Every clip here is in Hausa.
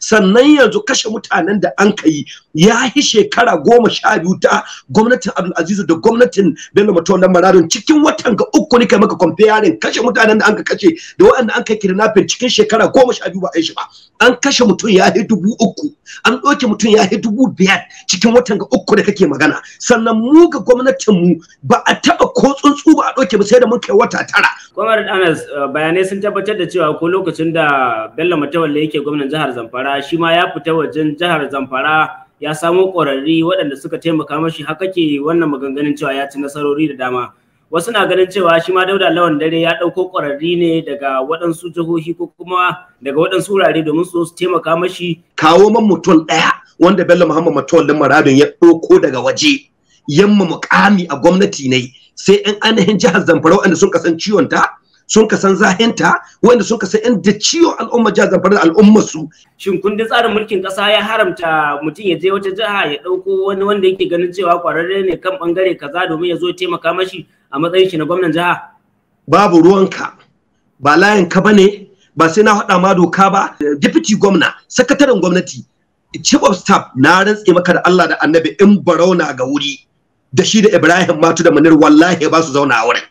sannan yanzu kashe mutanen da an kai ya yi shekara goma sha biyu ta gwamnatin abdulazizu da gwamnatin bello matolan mararin cikin watan ga uku ne kai maka comparing kashe mutanen da an ka kashe da waɗanda an kai kidnapping cikin shekara goma sha biyu ba a yi shi ba an kashe mutum ya yi dubu uku an ɗauke mutum ya yi dubu biyar cikin watan ga uku da kake magana sannan mu ga gwamnatin mu ba a taɓa ko tsun ba a ɗauke ba sai da mun kai wata tara. Kwamar Anas uh, bayanai sun tabbatar da cewa ko lokacin da Bello Matawalle yake gwamnan jihar Zamfara shi ma ya fita wajen jihar Zamfara ya samo ƙwararri waɗanda suka taimaka mashi haka ke wannan maganganun cewa ya ci nasarori da dama. Wasu na ganin cewa shi ma Dauda Lawan Dare ya ɗauko ƙwararri ne daga waɗansu jihohi ko kuma daga waɗansu wurare domin su taimaka mashi. Kawo man mutum ɗaya wanda Bello Muhammad Matawalle Maradon ya ɗauko daga waje. yamma mukami a gwamnati ne sai yan ainihin jihar zamfara wanda sun kasan ciwon ta sun kasan zahinta wanda sun kasan yan da ciwon al'umma jihar zamfara da al'ummar su shin kundin tsarin mulkin kasa ya haramta mutum ya je wata jiha ya dauko wani wanda yake ganin cewa kwararre ne kan bangare kaza domin ya zo taimaka mashi a matsayin shi na gwamnan jiha babu ruwanka ba layin ka bane ba sai na faɗa ma doka ba deputy gwamna sakataren gwamnati chief of staff na rantse maka da Allah da annabi in barauna ga wuri da shi da Ibrahim Matu da Munir wallahi ba su zauna a wurin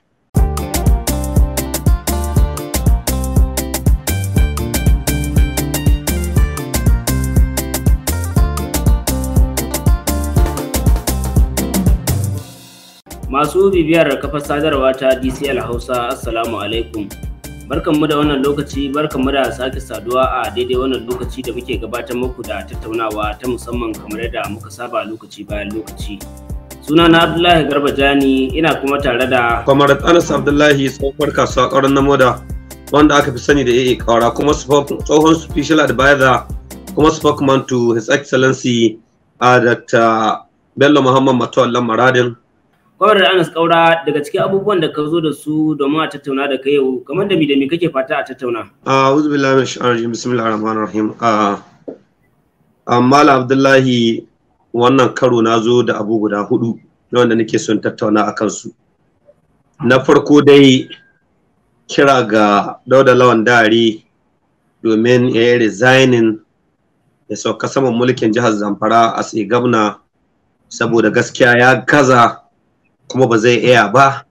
Masu bibiyar kafar sadarwa ta DCL Hausa Assalamu alaikum. Barkanmu da wannan lokaci, barkanmu da sake saduwa a daidai wannan lokaci da muke gabatar muku da tattaunawa ta musamman kamar yadda muka saba lokaci bayan lokaci. suna na abdullahi garba ina kuma tare da kwamar anas abdullahi tsohon kasuwa ƙauran na moda wanda aka fi sani da AA ƙaura kuma tsohon special advisor kuma spokesman to his excellency a dr bello muhammad matuwallan maradin kwamar anas ƙaura daga cikin abubuwan da ka zo da su domin a tattauna da ka yau kamar da mi da mi kake fata a tattauna a uzubillahi min sha'arji bismillahir rahmanir rahim a ah, ah, mala abdullahi wannan karo na zo da abu guda hudu wanda nake son tattauna a kansu na farko dai kira ga dauda lawan dare domin ya yi resigning ya sauka saman mulkin jihar zamfara a sai gabna saboda gaskiya ya gaza kuma ba zai iya ba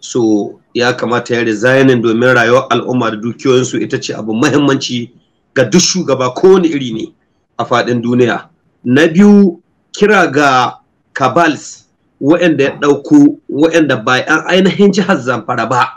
so ya kamata ya resigning domin rayuwar al'umma da dukiyoyinsu ita ce abu mahimmanci ga duk shugaba kowane iri ne a faɗin duniya na biyu kira ga kabals waɗanda ya ɗauko waɗanda ba an ainihin jihar zamfara ba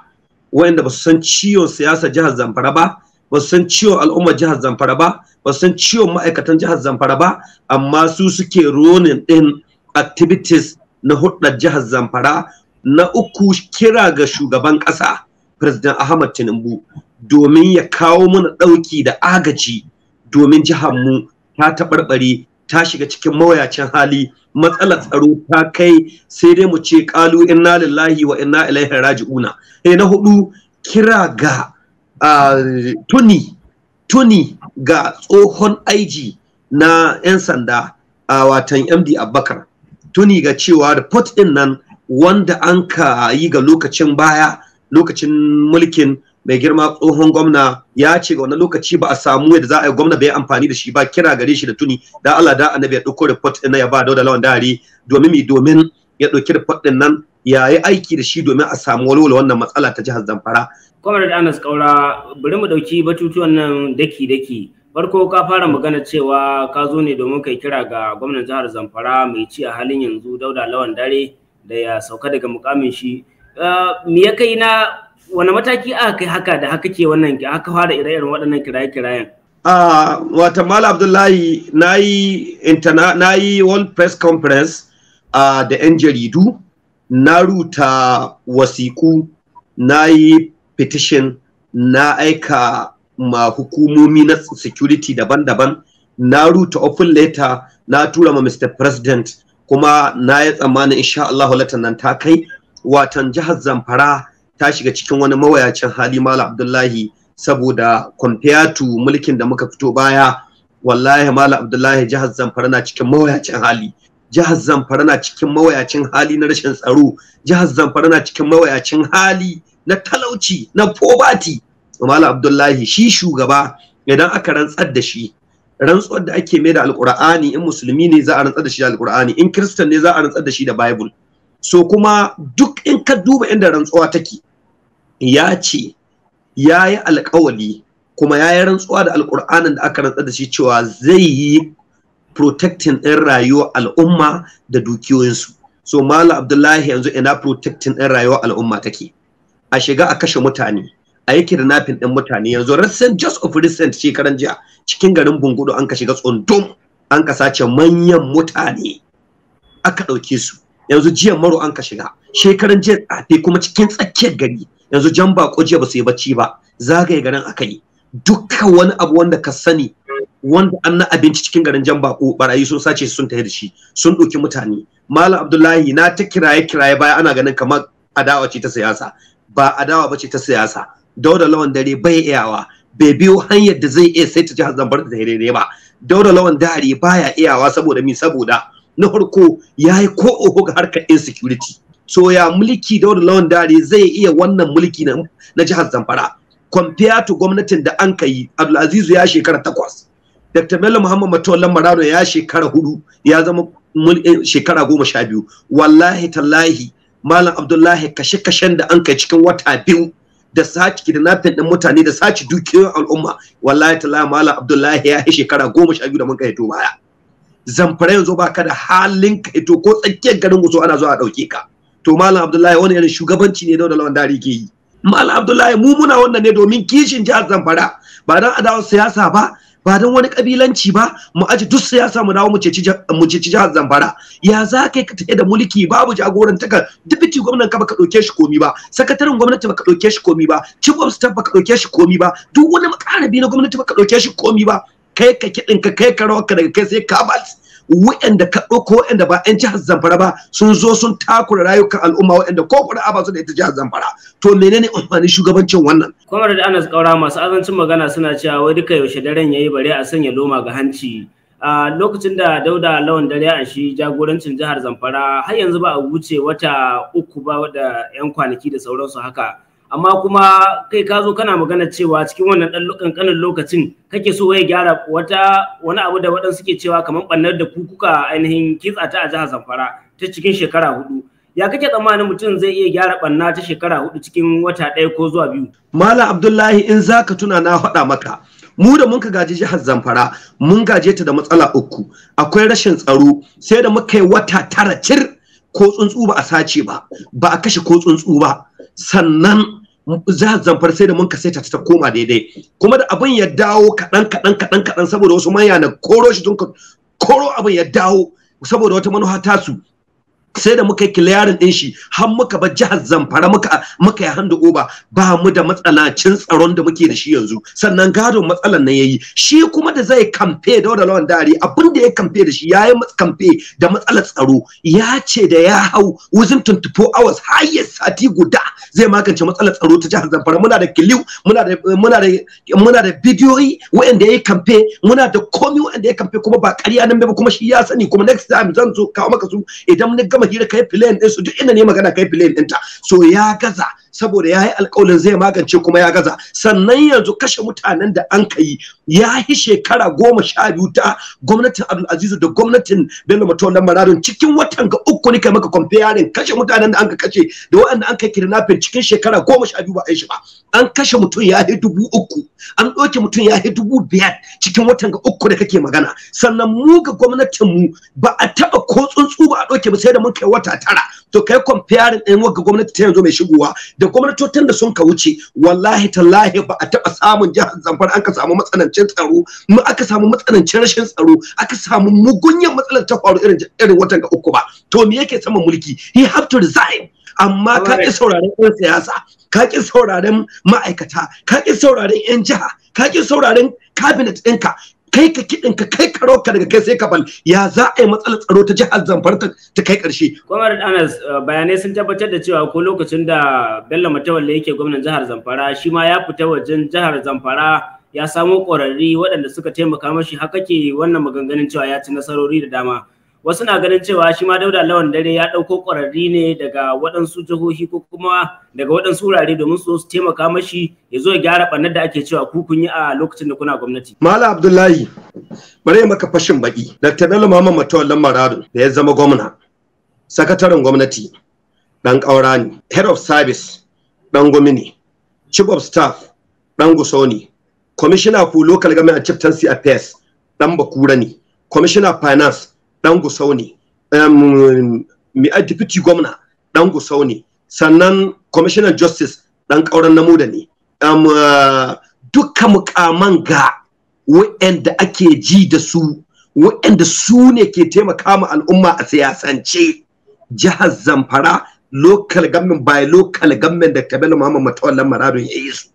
waɗanda ba su san ciwon siyasa jihar zamfara ba ba su san ciwon al'ummar jihar zamfara ba ba su san ciwon ma'aikatan jihar zamfara ba amma su suke ronin ɗin activities na hudar jihar zamfara na uku kira ga shugaban ƙasa president ahmad tinubu domin ya kawo mana ɗauki da agaji domin jihar mu ta taɓarɓare ta shiga cikin mawayacin hali matsalar tsaro ta kai sai dai mu ce kalu inna lillahi wa inna ilaihi raji'una eh na hudu kira ga tuni tuni ga tsohon aiji na 'yan sanda a watan md abubakar tuni ga cewa report din nan wanda an ka yi ga lokacin baya lokacin mulkin mai girma tsohon gwamna ya ce ga wani lokaci ba a samu yadda za a yi gwamna bai amfani da shi ba kira gare shi da tuni da Allah da annabi ya ɗauko report ɗin ya ba da lawan dare domin mi domin ya ɗauki report ɗin nan ya yi aiki da shi domin a samu walwala wannan matsala ta jihar Zamfara. Comrade Anas Kaura bari mu ɗauki batutuwan nan daki-daki. Farko ka fara magana cewa ka zo ne domin kai kira ga gwamnan jihar Zamfara mai ci a halin yanzu Dauda Lawan Dare da ya sauka daga mukamin shi. Eh, me ya kai na wani mataki aka kai haka da haka ke wannan haka fara ire-iren waɗannan kiraye-kirayen ah, wata mala abdullahi na yi world press conference ah, da 'yan jaridu na ruta wasiku na yi petition na aika ma hukumomi na security daban-daban na ruta open letter na tura ma mr president kuma na yi tsammanin insha Allah nan ta kai watan jihar zamfara ta shiga cikin wani mawayacin hali malam abdullahi saboda compared mulkin da muka fito baya wallahi malam abdullahi jihar zamfara na cikin mawayacin hali jihar zamfara na cikin mawayacin hali na rashin tsaro jihar zamfara na cikin mawayacin hali na talauci na pobati malam abdullahi shi shugaba idan aka rantsar da shi rantsuwar da ake mai da Alqur'ani in musulmi ne za a rantsar da shi da alkur'ani in kristan ne za a rantsar da shi da bible so kuma duk in ka duba inda rantsuwa take ya ce ya yi alkawali kuma ya yi rantsuwa da alkur'anin da aka rantsa da shi cewa zai yi protecting ɗin rayuwar al'umma da dukiyoyinsu so malam abdullahi yanzu ina protecting ɗin rayuwar al'umma take a shiga a kashe mutane a yi kidnapping ɗin mutane yanzu recent just of recent shekaran jiya cikin garin bungudu an ka shiga tsundum an ka sace manyan mutane aka ɗauke su yanzu jiya maro an ka shiga shekaran jiya tsafe kuma cikin tsakiyar gari yanzu jan bako jiya ba su yi bacci ba zagaye garin aka yi dukkan wani abu wanda ka sani wanda an na abinci cikin garin jan bako barayi sun sace sun tafi da shi sun ɗauki mutane malam abdullahi na ta kiraye kiraye baya ana ganin kamar adawa ce ta siyasa ba adawa ba ce ta siyasa dauda lawan dare bai iyawa bai biyo hanyar da zai iya sai ta jihar zamfara da daidai ba dauda lawan dare baya iyawa saboda mi saboda na farko ya yi ko oho ga harkar insecurity so ya mulki da wani lawan dare zai iya wannan mulki na, na jihar zamfara compare to gwamnatin da an kai Abdulazizu ya shekara takwas dr bello muhammad matolan marano ya shekara hudu ya zama eh, shekara goma sha biyu wallahi tallahi malam abdullahi kashe-kashen da an kai cikin wata biyu da saci kidnapping din mutane da saci dukiyoyin al'umma wallahi tallahi malam abdullahi ya yi shekara goma sha biyu da mun kai to baya zamfara yanzu ba ka da halin ka ito ko tsakiyar garin guso ana zuwa a ɗauke ka to malam abdullahi wani irin shugabanci ne da lawan dari ke yi malam abdullahi mu muna wannan ne domin kishin jihar zamfara ba don adawar siyasa ba ba don wani kabilanci ba mu aji duk siyasa mu dawo mu ceci jihar zamfara ya za kai ka tafi da mulki babu jagorantaka dubiti gwamnan ka baka ɗauke shi komi ba sakataren gwamnati baka ɗauke shi komi ba chief of staff baka ɗauke shi komi ba duk wani makarabi na gwamnati baka ɗauke shi komi ba kai ka kiɗin ka kai ka rawa ka daga kai sai ka bas wa'anda ka ɗauko wa'anda ba 'yan jihar zamfara ba sun zo sun takura rayukan al'umma wa'anda ko kuri'a ba su da ita jihar zamfara to menene amfanin shugabancin wannan kwamar da anas kaura masu azancin magana suna cewa wai duka yaushe daren yayi bare a sanya loma ga hanci a lokacin da dauda lawan dare a shi jagorancin jihar zamfara har yanzu ba a wuce wata uku ba da 'yan kwanaki da sauransu haka amma kuma kai ka zo kana magana cewa cikin wannan ɗan ƙanƙanin lokacin kake so ya gyara wata wani abu da waɗansu suke cewa kamar ɓannar da kukuka ainihin kitsa ta a jihar zamfara ta cikin shekara hudu ya kake tsammanin mutum zai iya gyara ɓanna ta shekara hudu cikin wata ɗaya ko zuwa biyu malam abdullahi in zaka tuna na faɗa maka mu da muka gaji jihar zamfara mun gaje ta da matsala uku akwai rashin tsaro sai da muka yi wata tara cir ko tsuntsu ba a sace ba ba a kashe ko tsuntsu ba sannan za zamfara sai da mun kasaita ta koma daidai kuma da abin ya dawo kaɗan kaɗan kaɗan kaɗan saboda wasu manya na koro shi tun koro abin ya dawo saboda wata manufa tasu sai da muka yi kiliyarin din shi har muka ba jihar zamfara muka yi handa oba ba mu da matsalacin tsaron da muke da shi yanzu sannan gado matsalan nan yayi shi kuma da zai kamfe da wadda lawan dari abin da ya kamfe da shi ya yi kamfe da matsalar tsaro ya ce da ya hau wuzin 24 hours har ya sati guda zai magance matsalar tsaro ta jihar zamfara muna da kiliw muna da muna da muna da bidiyoyi waɗanda ya yi kamfe muna da komi waɗanda ya kamfe kuma ba karya nan ba kuma shi ya sani kuma next time zan zo kawo maka su idan na gama hira kai plan din su duk inda ne magana kai plan ta? so ya gaza saboda ya yi alƙawarin zai magance kuma ya gaza sannan yanzu kashe mutanen da an kai ya yi shekara goma sha biyu ta gwamnatin Abdulaziz da gwamnatin Bello Matolan Maradon cikin watan ga uku ne kai maka comparing kashe mutanen da an ka kashe da waɗanda an kai kidnapping cikin shekara goma sha biyu ba a yi shi ba an kashe mutum ya yi dubu uku an ɗauke mutum ya yi dubu biyar cikin watan ga uku da kake magana sannan mu ga gwamnatin mu ba a taɓa ko tsuntsu ba a ɗauke ba sai da mun kai wata tara to kai compare ɗin wanka gwamnati ta yanzu mai shigowa da gwamnatocin da sun ka wuce wallahi tallahi ba a taɓa samun jihar zamfara an ka samu matsanancin tsaro mu aka samu matsanancin rashin tsaro aka samu mugunyan matsalar ta faru irin watan ga uku ba to me yake saman mulki he have to resign amma ka ƙi sauraron 'yan siyasa ka ƙi sauraron ma'aikata ka ƙi sauraron 'yan jiha ka ƙi sauraron cabinet ɗinka kai ka kiɗin ka kai ka daga kai sai ka bal ya za a yi matsalar tsaro ta jihar Zamfara ta kai ƙarshe. Kwamar Anas uh, bayanai sun tabbatar da cewa ko lokacin da Bello Matawalle yake gwamnan jihar Zamfara shi ma ya fita wajen jihar Zamfara ya samo ƙwararri waɗanda suka taimaka mashi haka ke wannan maganganun cewa ya ci nasarori da dama. wasu na ganin cewa shi ma dauda lawan dare ya ɗauko ƙwararri ne daga waɗansu jihohi ko kuma daga waɗansu wurare domin su su taimaka mashi ya zo ya gyara ɓannar da ake cewa ku kun yi a lokacin da kuna gwamnati. Malam Abdullahi bari maka fashin baki Dr. Bello Muhammad Matawallan Marado da ya zama gwamna sakataren gwamnati dan ƙaura ne head of service dan gwamini chief of staff dan guso ne commissioner for local government and chieftaincy affairs dan bakura ne commissioner finance Ɗan gusau ne um, mai deputy gwamna ɗan gusau ne sannan commissioner justice dan kauran namuda ne um, uh, duka mukaman ga wa'anda ake ji da su wa'anda su ne ke taimaka ma al'umma a siyasance jihar zamfara local government by local government da kabila muhammad matawallan maradun ya yi su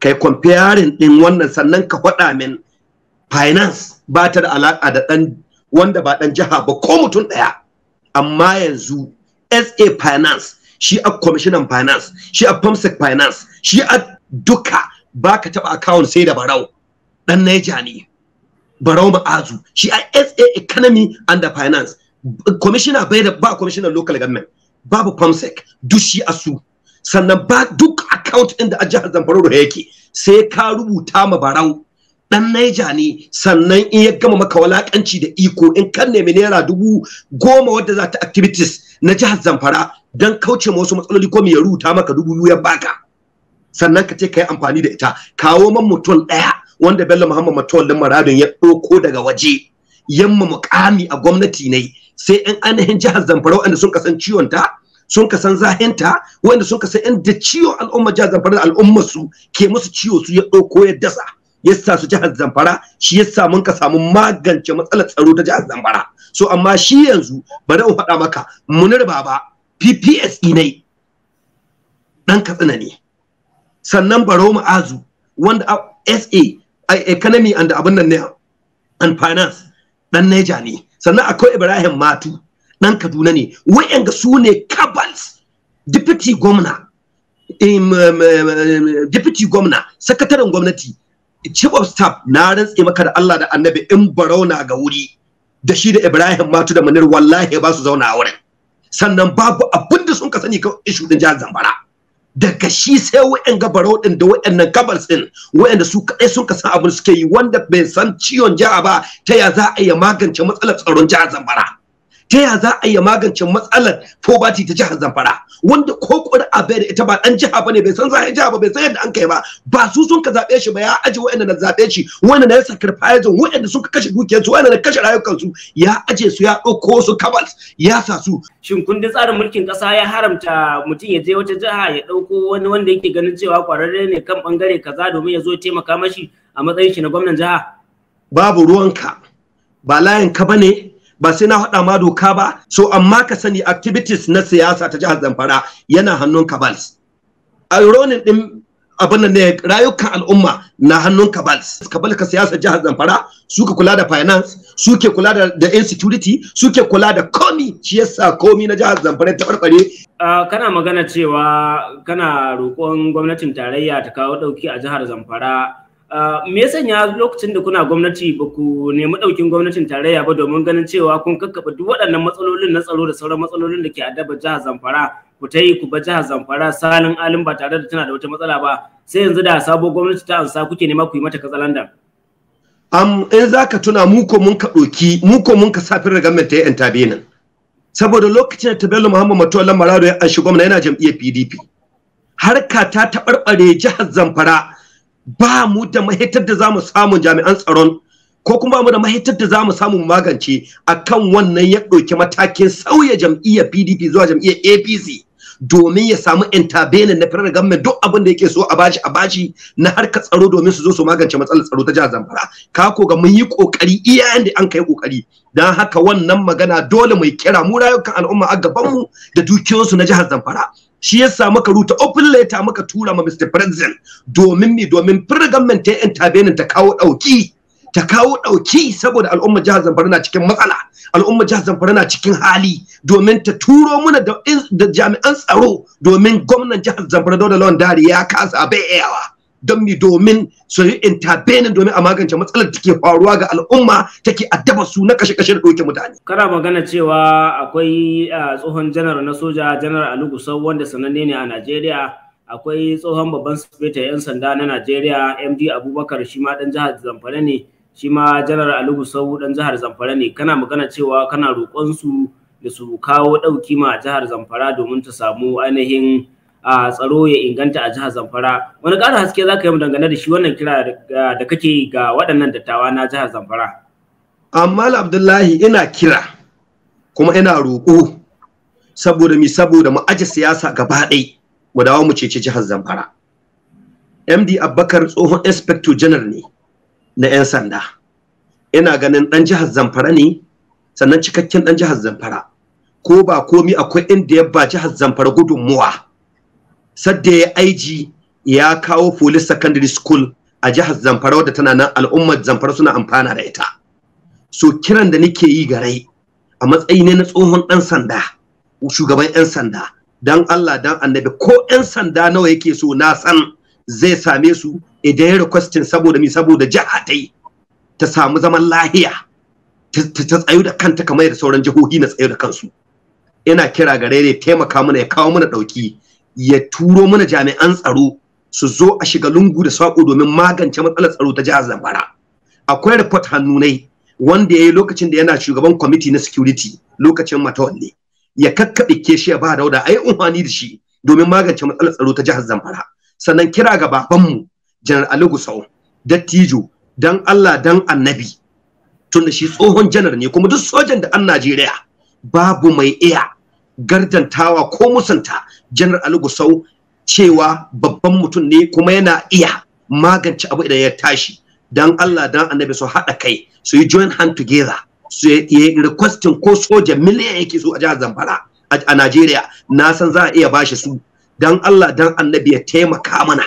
kai comparing din wannan sannan ka faɗa min finance ba ta da alaƙa da ɗan wanda ba dan jiha ba ko mutum ɗaya amma yanzu sa finance shi a commissioner finance shi a famsec finance shi a duka baka taba account sai da barau dan naija ne barau ma'azu shi a sa economy and finance commissioner bai da ba commissioner local government babu famsec duk shi a su sannan ba duk account din da a jihar zamfara yake sai ka rubuta ma barau dan naija ne sannan in ya gama maka walakanci da iko in kan nemi naira dubu goma wadda za ta activities na jihar zamfara don kauce ma wasu matsaloli ko ya rubuta maka dubu biyu ya baka sannan ka ce ka yi amfani da ita kawo man mutum ɗaya wanda bello muhammad din maradon ya ɗauko daga waje yamma mukami a gwamnati ne sai in ainihin jihar zamfara wanda sun kasan ciwon ta sun kasan zahinta wanda sun kasan inda da al'umma jihar zamfara da al'ummar su ke musu ciwo su ya ɗauko ya dasa yasa su jihar Zamfara shi yasa mun ka samu magance matsalar tsaro ta jihar Zamfara so amma shi yanzu bari in faɗa maka munir baba PPS ne dan katsina ne sannan baro ma'azu wanda SA economy and abin nan ne and finance dan Niger ne sannan akwai Ibrahim Matu dan Kaduna ne wayanga su ne cabals deputy governor deputy gwamna sakataren gwamnati chief of staff na rantse maka da Allah da annabi in barauna ga wuri da shi da Ibrahim matu da Munir wallahi ba su zauna a wurin sannan babu abin da sun ka sani kan issue din jihar Zamfara daga shi sai wa'yan baro din da wa'yannan kabals din wa'yanda su kaɗai sun ka san abin suke yi wanda bai san ciwon jiha ba ta ya za a iya magance matsalar tsaron jihar Zamfara ta ya za a iya magance matsalar poverty ta jihar Zamfara wanda ko ƙuri'a bai da ita ba dan jiha bane bai san zai jiha ba bai san yadda an kai ba ba su sun ka zabe shi ba ya aje wa'anda na zabe shi wa'anda na sacrifice wayanda suka kashe dukiyarsu wanda na kashe su ya aje su ya dauko su kabal ya sa su shin kundin tsarin mulkin kasa ya haramta mutum ya je wata jiha ya dauko wani wanda yake ganin cewa kwararre ne kan bangare kaza domin ya zo taimaka mashi a matsayin shi na gwamnan jiha babu ruwanka ba layin ka bane ba sai na faɗa ma doka ba so amma ka sani activities na siyasa ta jihar Zamfara yana hannun kabals ironin din abin nan ne rayukan al'umma na hannun kabals kabal ka siyasa jihar Zamfara suka kula da finance suke kula da da insecurity suke kula da komi shi yasa komi na jihar Zamfara ta barbare kana magana cewa kana roƙon gwamnatin tarayya ta kawo dauki a jihar Zamfara Ah, me ya sanya lokacin da kuna gwamnati ba ku nemi ɗaukin gwamnatin tarayya ba domin ganin cewa kun kakkaba duk waɗannan matsalolin na tsaro da sauran matsalolin da ke addaba jihar Zamfara ku ta yi ku ba jihar Zamfara salin alin ba tare da tana da wata matsala ba sai yanzu da sabo gwamnati ta ansa kuke nema ku yi mata katsalandan. Am in za ka tuna mu ko mun ka ɗoki mu ko mun ka safin ragamman ta ‘yan nan. Saboda lokacin da Tabelu Muhammad Matuwallan Marado ya anshi gwamna yana jam'iyyar PDP. Harka ta taɓarɓare jihar Zamfara ba mu da mahitar da za mu samu jami'an tsaron ko kuma mu da mahitar da za mu samu magance akan wannan ya ɗauki matakin sauya jam'iyyar pdp zuwa jam'iyyar apc domin ya samu intervening na federal government duk abin da yake so a bashi a bashi na harkar tsaro domin su zo su magance matsalar tsaro ta jihar Zamfara ka ko ga mun yi kokari iya yanda an kai kokari dan haka wannan magana dole mu kira mu rayukan al'umma a gaban mu da su na jihar Zamfara shi yasa muka ruta open letter muka tura ma Mr President domin mi domin federal government ta intervening ta kawo dauki ta kawo ɗauki saboda al'ummar jihar Zamfara na cikin matsala al'ummar jihar Zamfara na cikin hali domin ta turo mana da, jami'an tsaro domin gwamnan jihar Zamfara Dauda Lawan Dari ya kasa bai iyawa don mi domin su yi domin a magance matsalar da ke faruwa ga al'umma take addaba su na kashe kashe da ɗauke mutane. Kana magana cewa akwai tsohon janar na soja janar Ali Gusau wanda sananne ne a Najeriya akwai tsohon babban sufeta 'yan sanda na Najeriya MD Abubakar shi ma ɗan jihar Zamfara ne shi ma janar Ali Gusau dan jihar Zamfara ne kana magana cewa kana roƙon su da su kawo ɗauki ma jihar Zamfara domin ta samu ainihin a tsaro ya inganta a jihar Zamfara wani ƙara haske za ka yi dangane da shi wannan kira da kake ga waɗannan dattawa na jihar Zamfara amma Abdullahi ina kira kuma ina roƙo saboda mi saboda mu aje siyasa gaba ɗaya mu dawo mu cece jihar Zamfara MD Abubakar tsohon inspector general ne na 'yan sanda ina ganin ɗan jihar zamfara ne sannan cikakken ɗan jihar zamfara ko ba komi akwai inda ya ba jihar zamfara gudunmuwa sadda ya aiji ya kawo police secondary school a jihar zamfara wadda tana nan al'ummar zamfara suna amfana da ita so kiran da nake yi ga rai a matsayi ne na tsohon ɗan sanda shugaban 'yan sanda dan Allah dan annabi ko 'yan sanda nawa yake so na san zai same su idan ya requesting saboda mi saboda jiha ta yi ta samu zaman lahiya ta tsayu da kanta kamar da sauran jihohi na tsayu da kansu ina kira gare ne taimaka mana ya kawo mana dauki ya turo mana jami'an tsaro su zo a shiga lungu da sako domin magance matsalar tsaro ta jihar Zamfara akwai report hannunai wanda ya yi lokacin da yana shugaban kwamiti na security lokacin matawalle ya kakkaɓe ke shi ya ba dauda a yi umfani da shi domin magance matsalar tsaro ta jihar Zamfara sannan kira ga babanmu janar Ali Gusau dattijo dan Allah dan annabi tun da shi tsohon janar ne kuma duk sojan da an Najeriya babu mai iya gardantawa ko musanta janar Ali Gusau cewa babban mutum ne kuma yana iya magance abu idan ya tashi dan Allah dan annabi su haɗa kai su yi join hand together su yi requesting ko soja miliyan yake so a jihar Zamfara a Najeriya na san za a iya bashi su dan Allah dan annabi ya taimaka mana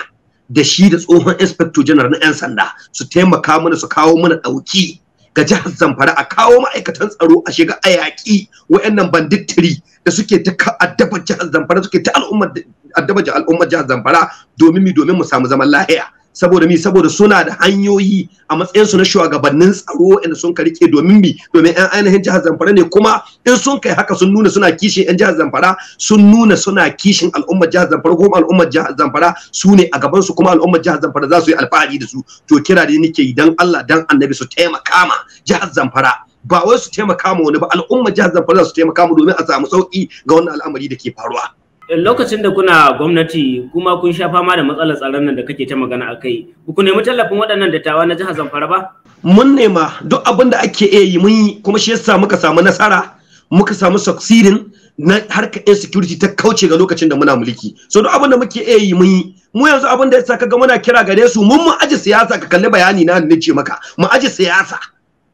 da shi da tsohon inspector general na 'yan sanda su taimaka mana su kawo mana ɗauki ga jihar zamfara a kawo ma'aikatan tsaro a shiga a yaƙi wa'annan bandittiri da suke ta addabar jihar zamfara suke ta al'ummar jihar zamfara domin mu domin mu samu zaman lahiya saboda mi saboda suna da hanyoyi a matsayin su na shugabannin tsaro in sun ka rike domin bi domin yan ainihin jihar Zamfara ne kuma in sun kai haka sun nuna suna kishin yan jihar Zamfara sun nuna suna kishin al'ummar jihar Zamfara kuma al'ummar jihar Zamfara su ne a gaban su kuma al'ummar jihar Zamfara za su yi alfahari da su to kira da nake dan Allah dan Annabi su taimaka ma jihar Zamfara ba wai su taimaka ma wani ba al'ummar jihar Zamfara za su taimaka mu domin a samu sauki ga wannan al'amari da ke faruwa lokacin da kuna gwamnati kuma kun sha fama da matsalar tsaron nan da kake ta magana a kai ku nemi tallafin waɗannan dattawa na jihar zamfara ba mun nema duk abin da ake iya yi mun yi kuma shi yasa muka samu nasara muka samu succeeding na harkar insecurity ta kauce ga lokacin da muna mulki so duk abin da muke iya yi mun yi mu yanzu abin da yasa kaga muna kira gare su mun mu aji siyasa ka kalli bayani na ce maka mu aji siyasa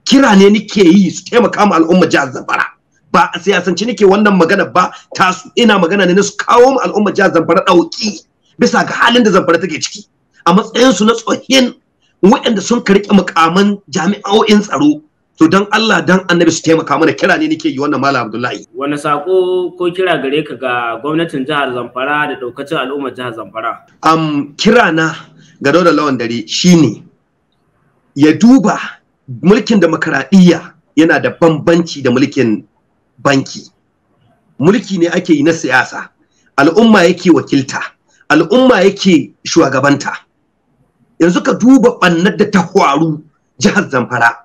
kira ne nake yi su taimaka mu al'umma jihar zamfara ba a siyasance nake wannan magana ba tasu ina magana ne na su kawo mu al'umma jihar Zamfara dauki bisa ga halin da Zamfara take ciki a matsayin su na tsohin waɗanda sun karike mukaman jami'o'in tsaro to dan Allah dan Annabi su taimaka mana kira ne nake yi wannan Malam Abdullahi wani sako ko kira gare ka ga gwamnatin jihar Zamfara da daukacin al'ummar jihar Zamfara am kira na ga da lawan dare shine ya duba mulkin demokradiyya yana da bambanci da mulkin banki mulki ne ake yi na siyasa al'umma yake wakilta al'umma yake shugabanta yanzu ka duba ɓannar da ta faru jihar zamfara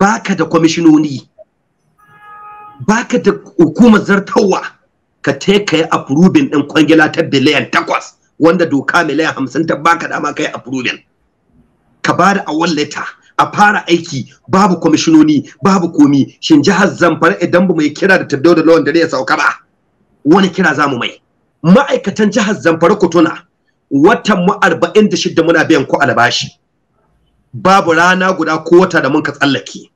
baka da kwamishinoni baka da hukumar zartawa ka te ka approving ɗin kwangila ta biliyan takwas wanda doka miliyan hamsin ta baka dama ka yi approving ka ba da awon leta a fara aiki babu kwamishinoni babu komi shin jihar zamfara idan ba mai kira da tabdau da lawan dare ya sauka ba wani kira za mu mai ma'aikatan jihar zamfara kutuna watan mu arba'in da shida muna biyan ku albashi babu rana guda ko wata da mun ka tsallake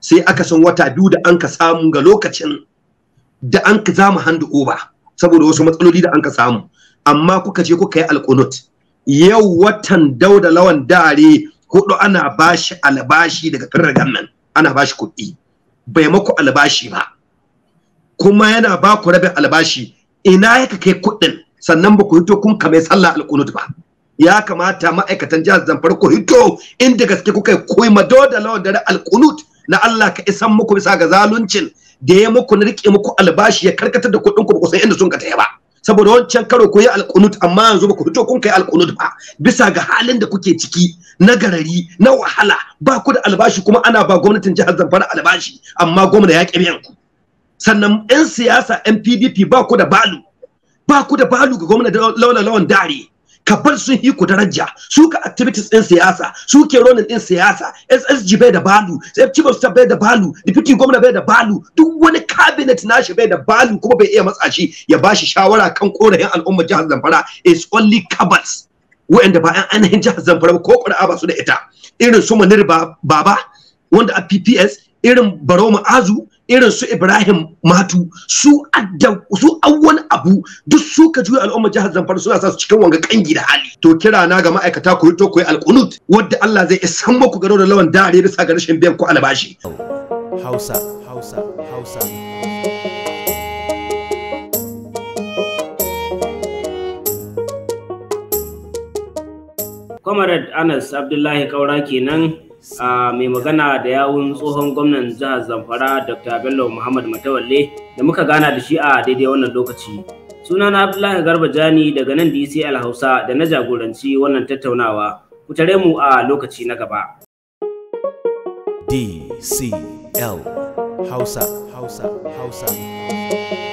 sai aka san wata biyu da an ka samu ga lokacin da an ka zamu handu over saboda wasu matsaloli da an ka samu amma kuka je kuka yi alkunut yau watan dauda lawan dare hudu ana bashi albashi daga firar nan ana bashi kuɗi bai maku albashi ba kuma yana ba ku rabin albashi ina yaka kai kuɗin sannan ba ku hito kun kame sallah alƙunut ba ya kamata ma'aikatan jihar zamfara ku hito inda gaske kuka koyi madoda lawan dare alƙunut na Allah ka isan muku bisa ga zaluncin da ya muku na riƙe muku albashi ya karkatar da kuɗin ku ba ku san inda sun ka ta ba saboda wancan karo ko yi alkunut amma yanzu ba ku fito kun kai alkunut ba bisa ga halin da kuke ciki na garari na wahala ba ku da albashi kuma ana ba gwamnatin jihar Zamfara albashi amma gwamna ya ƙi ku sannan 'yan siyasa 'yan PDP ba ku da balu ba ku da balu ga gwamna lawan dare kafar sun yi ku daraja su ka activities din siyasa Suke ke ronin din siyasa ssg bai da balu chief staff bai da balu deputy gwamna bai da balu duk wani cabinet nashi bai da balu kuma bai iya matsa shi ya shi shawara kan korayen al'umma jihar zamfara is only cabals wa'anda ba an ainihin jihar zamfara ko ƙuri'a ba su da ita irin su manir baba wanda a pps irin mu Azu. irin su Ibrahim Matu su adda su awwan abu duk su ka juya al'umma jihar Zamfara suna sa su cikin wanga kangi da hali to kira na ga ma'aikata ku to ku yi alqunut wanda Allah zai isan muku garo da lawan dare sa ga rashin biyan ku albashi Hausa Hausa Hausa Comrade Anas Abdullahi Kaura kenan a mai magana da yawun tsohon gwamnan jihar zamfara dr bello muhammad matawalle da muka gana da shi a daidai wannan lokaci sunana abdullahi garba jani daga nan dcl hausa da na jagoranci wannan tattaunawa ku tare mu a lokaci na gaba dcl hausa hausa hausa